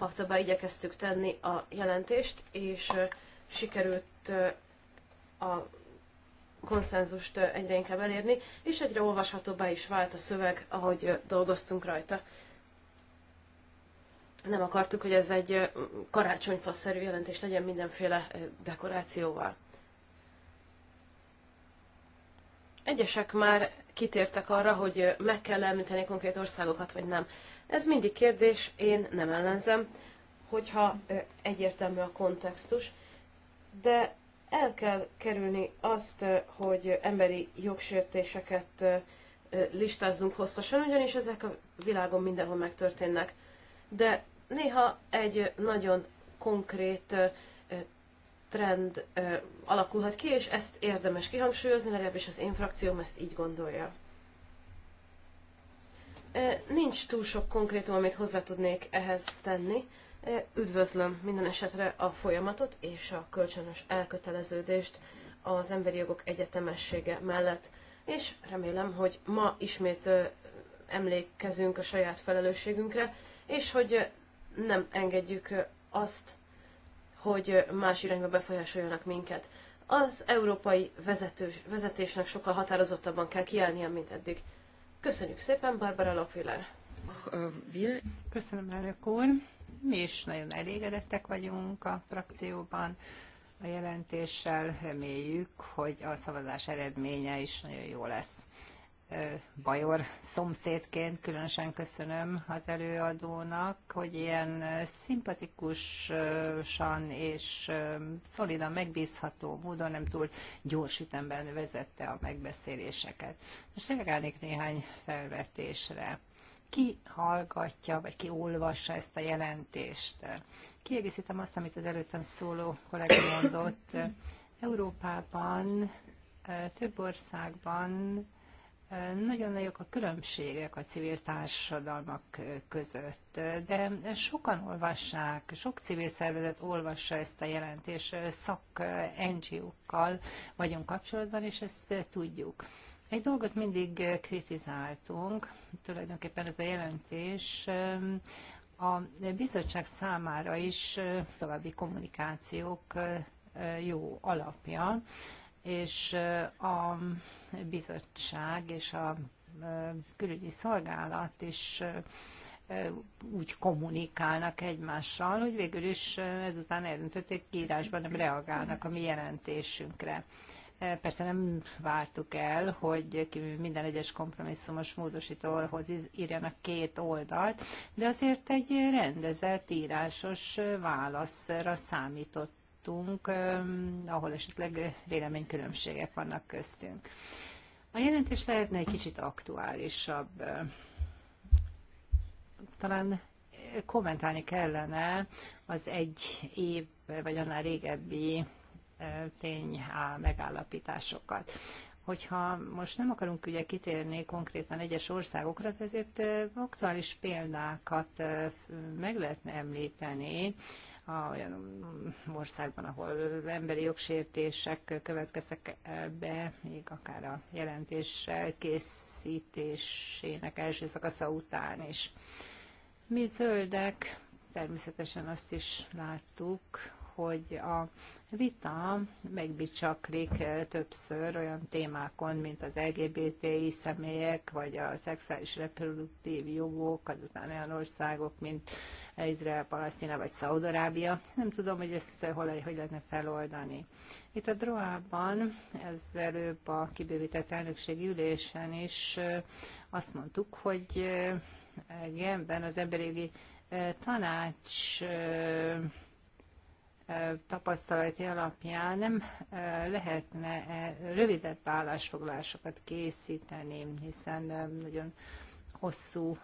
kompaktabbá igyekeztük tenni a jelentést, és sikerült a konszenzust egyre inkább elérni, és egyre olvashatóbbá is vált a szöveg, ahogy dolgoztunk rajta. Nem akartuk, hogy ez egy karácsonyfaszerű jelentés legyen mindenféle dekorációval. Egyesek már kitértek arra, hogy meg kell említeni konkrét országokat, vagy nem. Ez mindig kérdés, én nem ellenzem, hogyha egyértelmű a kontextus, de el kell kerülni azt, hogy emberi jogsértéseket listázzunk hosszasan, ugyanis ezek a világon mindenhol megtörténnek. De néha egy nagyon konkrét trend ö, alakulhat ki, és ezt érdemes kihangsúlyozni, legalábbis az én frakcióm ezt így gondolja. Nincs túl sok konkrétum, amit hozzá tudnék ehhez tenni. Üdvözlöm minden esetre a folyamatot és a kölcsönös elköteleződést az emberi jogok egyetemessége mellett, és remélem, hogy ma ismét emlékezünk a saját felelősségünkre, és hogy nem engedjük azt, hogy más irányba befolyásoljanak minket. Az európai vezető, vezetésnek sokkal határozottabban kell kiállnia, mint eddig. Köszönjük szépen, Barbara Lockviller! Köszönöm, elnök úr! Mi is nagyon elégedettek vagyunk a frakcióban a jelentéssel. Reméljük, hogy a szavazás eredménye is nagyon jó lesz bajor szomszédként különösen köszönöm az előadónak, hogy ilyen szimpatikusan és szolidan megbízható módon nem túl gyors ütemben vezette a megbeszéléseket. Most reagálnék néhány felvetésre ki hallgatja, vagy ki olvassa ezt a jelentést. Kiegészítem azt, amit az előttem szóló kollega mondott. Európában, több országban nagyon nagyok a különbségek a civil társadalmak között, de sokan olvassák, sok civil szervezet olvassa ezt a jelentést, szak NGO-kkal vagyunk kapcsolatban, és ezt tudjuk. Egy dolgot mindig kritizáltunk, tulajdonképpen ez a jelentés a bizottság számára is további kommunikációk jó alapja, és a bizottság és a külügyi szolgálat is úgy kommunikálnak egymással, hogy végül is ezután eldöntötték, írásban nem reagálnak a mi jelentésünkre. Persze nem vártuk el, hogy minden egyes kompromisszumos módosítóhoz írjanak két oldalt, de azért egy rendezett írásos válaszra számított tartunk, ahol esetleg véleménykülönbségek vannak köztünk. A jelentés lehetne egy kicsit aktuálisabb. Talán kommentálni kellene az egy év, vagy annál régebbi tény megállapításokat hogyha most nem akarunk ugye kitérni konkrétan egyes országokra, ezért aktuális példákat meg lehetne említeni, a olyan országban, ahol emberi jogsértések következtek be, még akár a jelentés készítésének első szakasza után is. Mi zöldek természetesen azt is láttuk, hogy a vita megbicsaklik többször olyan témákon, mint az LGBTI személyek, vagy a szexuális reproduktív jogok, azután olyan országok, mint Izrael, Palasztina vagy Szaudarábia. Nem tudom, hogy ezt hol, hogy lehetne feloldani. Itt a Droában, ez előbb a kibővített elnökségi ülésen is azt mondtuk, hogy Genben az emberi tanács tapasztalati alapján nem lehetne rövidebb állásfoglalásokat készíteni, hiszen nagyon hosszú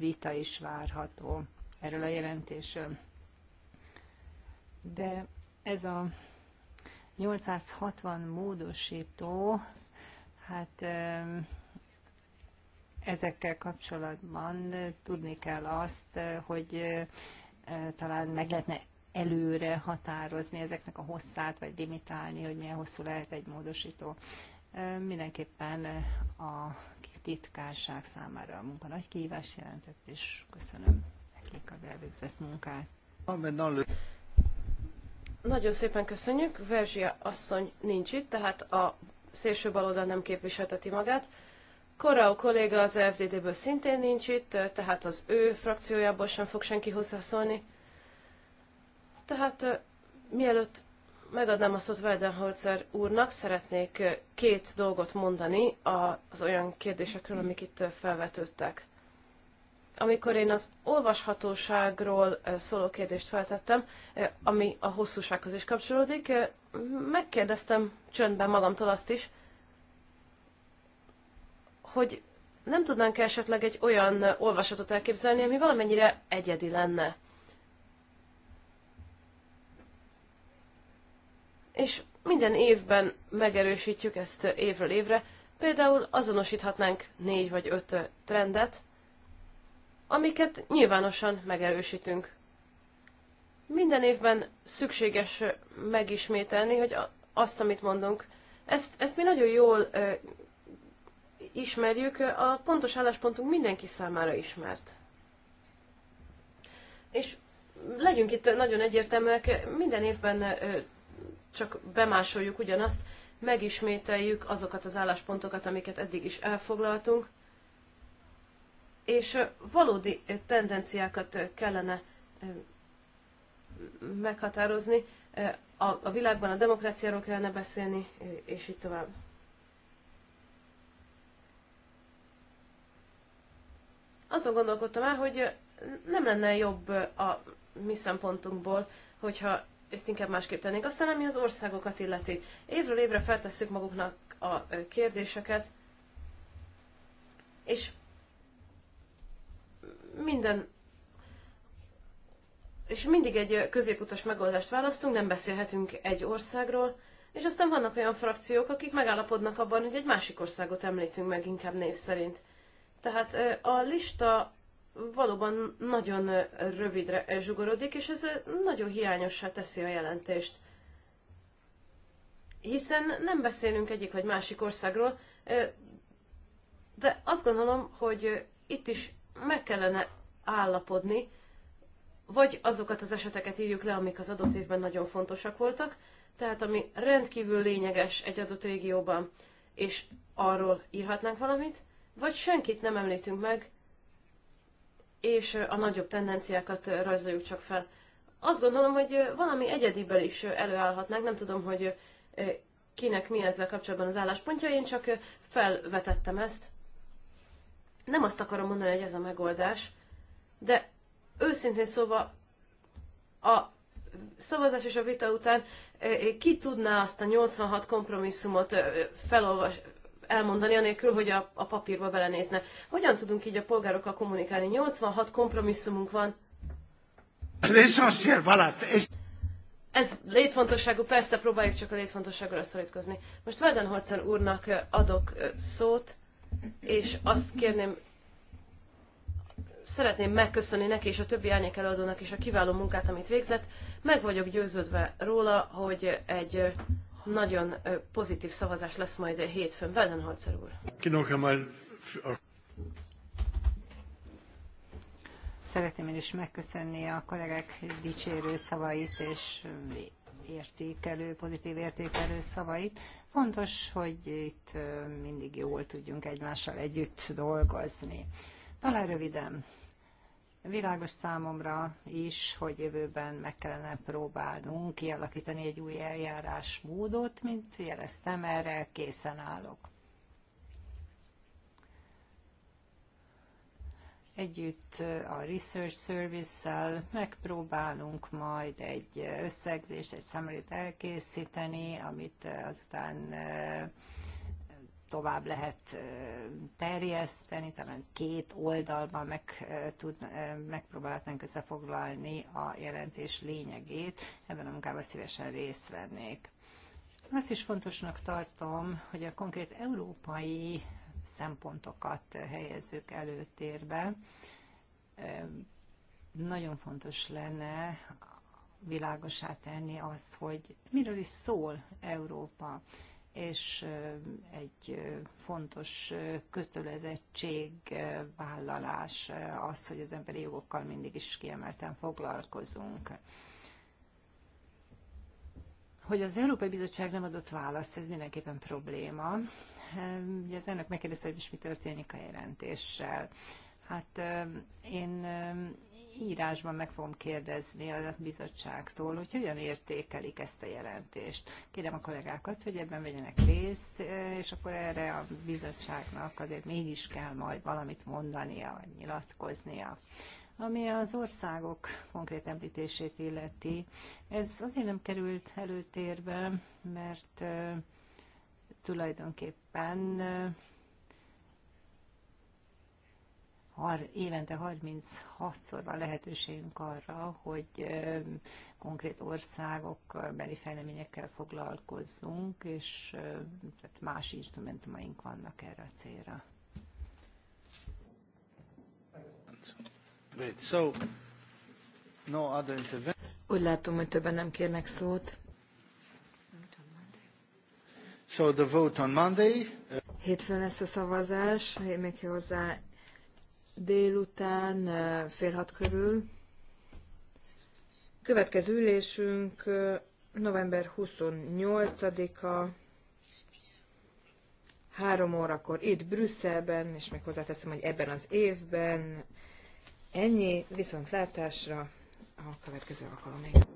vita is várható erről a jelentésről. De ez a 860 módosító, hát ezekkel kapcsolatban tudni kell azt, hogy talán meg lehetne előre határozni ezeknek a hosszát, vagy limitálni, hogy milyen hosszú lehet egy módosító. Mindenképpen a titkárság számára a munka nagy kihívás jelentett, és köszönöm nekik a elvégzett munkát. Nagyon szépen köszönjük. Verzsia asszony nincs itt, tehát a szélső baloldal nem képviselteti magát. Korau kolléga az FDD-ből szintén nincs itt, tehát az ő frakciójából sem fog senki hozzászólni. Tehát mielőtt megadnám a szót Weidenholzer úrnak, szeretnék két dolgot mondani az olyan kérdésekről, amik itt felvetődtek. Amikor én az olvashatóságról szóló kérdést feltettem, ami a hosszúsághoz is kapcsolódik, megkérdeztem csöndben magamtól azt is, hogy nem tudnánk esetleg egy olyan olvasatot elképzelni, ami valamennyire egyedi lenne. és minden évben megerősítjük ezt évről évre. Például azonosíthatnánk négy vagy öt trendet, amiket nyilvánosan megerősítünk. Minden évben szükséges megismételni, hogy azt, amit mondunk, ezt, ezt mi nagyon jól ö, ismerjük, a pontos álláspontunk mindenki számára ismert. És legyünk itt nagyon egyértelműek, minden évben csak bemásoljuk ugyanazt, megismételjük azokat az álláspontokat, amiket eddig is elfoglaltunk, és valódi tendenciákat kellene meghatározni. A, világban a demokráciáról kellene beszélni, és így tovább. Azon gondolkodtam el, hogy nem lenne jobb a mi szempontunkból, hogyha ezt inkább másképp tennénk. Aztán ami az országokat illeti. Évről évre feltesszük maguknak a kérdéseket, és minden és mindig egy középutas megoldást választunk, nem beszélhetünk egy országról, és aztán vannak olyan frakciók, akik megállapodnak abban, hogy egy másik országot említünk meg inkább név szerint. Tehát a lista valóban nagyon rövidre zsugorodik, és ez nagyon hiányossá teszi a jelentést. Hiszen nem beszélünk egyik vagy másik országról, de azt gondolom, hogy itt is meg kellene állapodni, vagy azokat az eseteket írjuk le, amik az adott évben nagyon fontosak voltak, tehát ami rendkívül lényeges egy adott régióban, és arról írhatnánk valamit, vagy senkit nem említünk meg, és a nagyobb tendenciákat rajzoljuk csak fel. Azt gondolom, hogy valami egyediből is előállhatnánk, nem tudom, hogy kinek mi ezzel kapcsolatban az álláspontja, én csak felvetettem ezt. Nem azt akarom mondani, hogy ez a megoldás, de őszintén szóval a szavazás és a vita után ki tudná azt a 86 kompromisszumot felolvas, elmondani, anélkül, hogy a, a papírba belenézne. Hogyan tudunk így a polgárokkal kommunikálni? 86 kompromisszumunk van. Ez létfontosságú, persze próbáljuk csak a létfontosságra szorítkozni. Most Weidenholzer úrnak adok szót, és azt kérném, szeretném megköszönni neki és a többi árnyék előadónak is a kiváló munkát, amit végzett. Meg vagyok győződve róla, hogy egy nagyon pozitív szavazás lesz majd a hétfőn. Vellenhalcer úr. Szeretném én is megköszönni a kollégák dicsérő szavait és értékelő, pozitív értékelő szavait. Fontos, hogy itt mindig jól tudjunk egymással együtt dolgozni. Talán röviden Világos számomra is, hogy jövőben meg kellene próbálnunk kialakítani egy új eljárásmódot, mint jeleztem, erre készen állok. Együtt a Research Service-szel megpróbálunk majd egy összegzést, egy summary elkészíteni, amit azután tovább lehet terjeszteni, talán két oldalban meg, tud, megpróbálhatnánk összefoglalni a jelentés lényegét. Ebben a munkában szívesen részt vennék. Azt is fontosnak tartom, hogy a konkrét európai szempontokat helyezzük előtérbe. Nagyon fontos lenne világosá tenni az, hogy miről is szól Európa, és egy fontos kötelezettség vállalás az, hogy az emberi jogokkal mindig is kiemelten foglalkozunk. Hogy az Európai Bizottság nem adott választ, ez mindenképpen probléma. Ugye az elnök megkérdezte, hogy mi történik a jelentéssel. Hát én írásban meg fogom kérdezni a bizottságtól, hogy hogyan értékelik ezt a jelentést. Kérem a kollégákat, hogy ebben vegyenek részt, és akkor erre a bizottságnak azért mégis kell majd valamit mondania, vagy nyilatkoznia. Ami az országok konkrét említését illeti, ez azért nem került előtérbe, mert tulajdonképpen har, évente 36-szor van lehetőségünk arra, hogy konkrét országok beli fejleményekkel foglalkozzunk, és tehát más instrumentumaink vannak erre a célra. Great. So, no other Úgy látom, hogy többen nem kérnek szót. So the vote on Monday. Uh, Hétfőn lesz a szavazás, még hozzá délután fél hat körül. Következő ülésünk november 28-a, három órakor itt Brüsszelben, és még hozzáteszem, hogy ebben az évben. Ennyi, viszont látásra a következő alkalomig.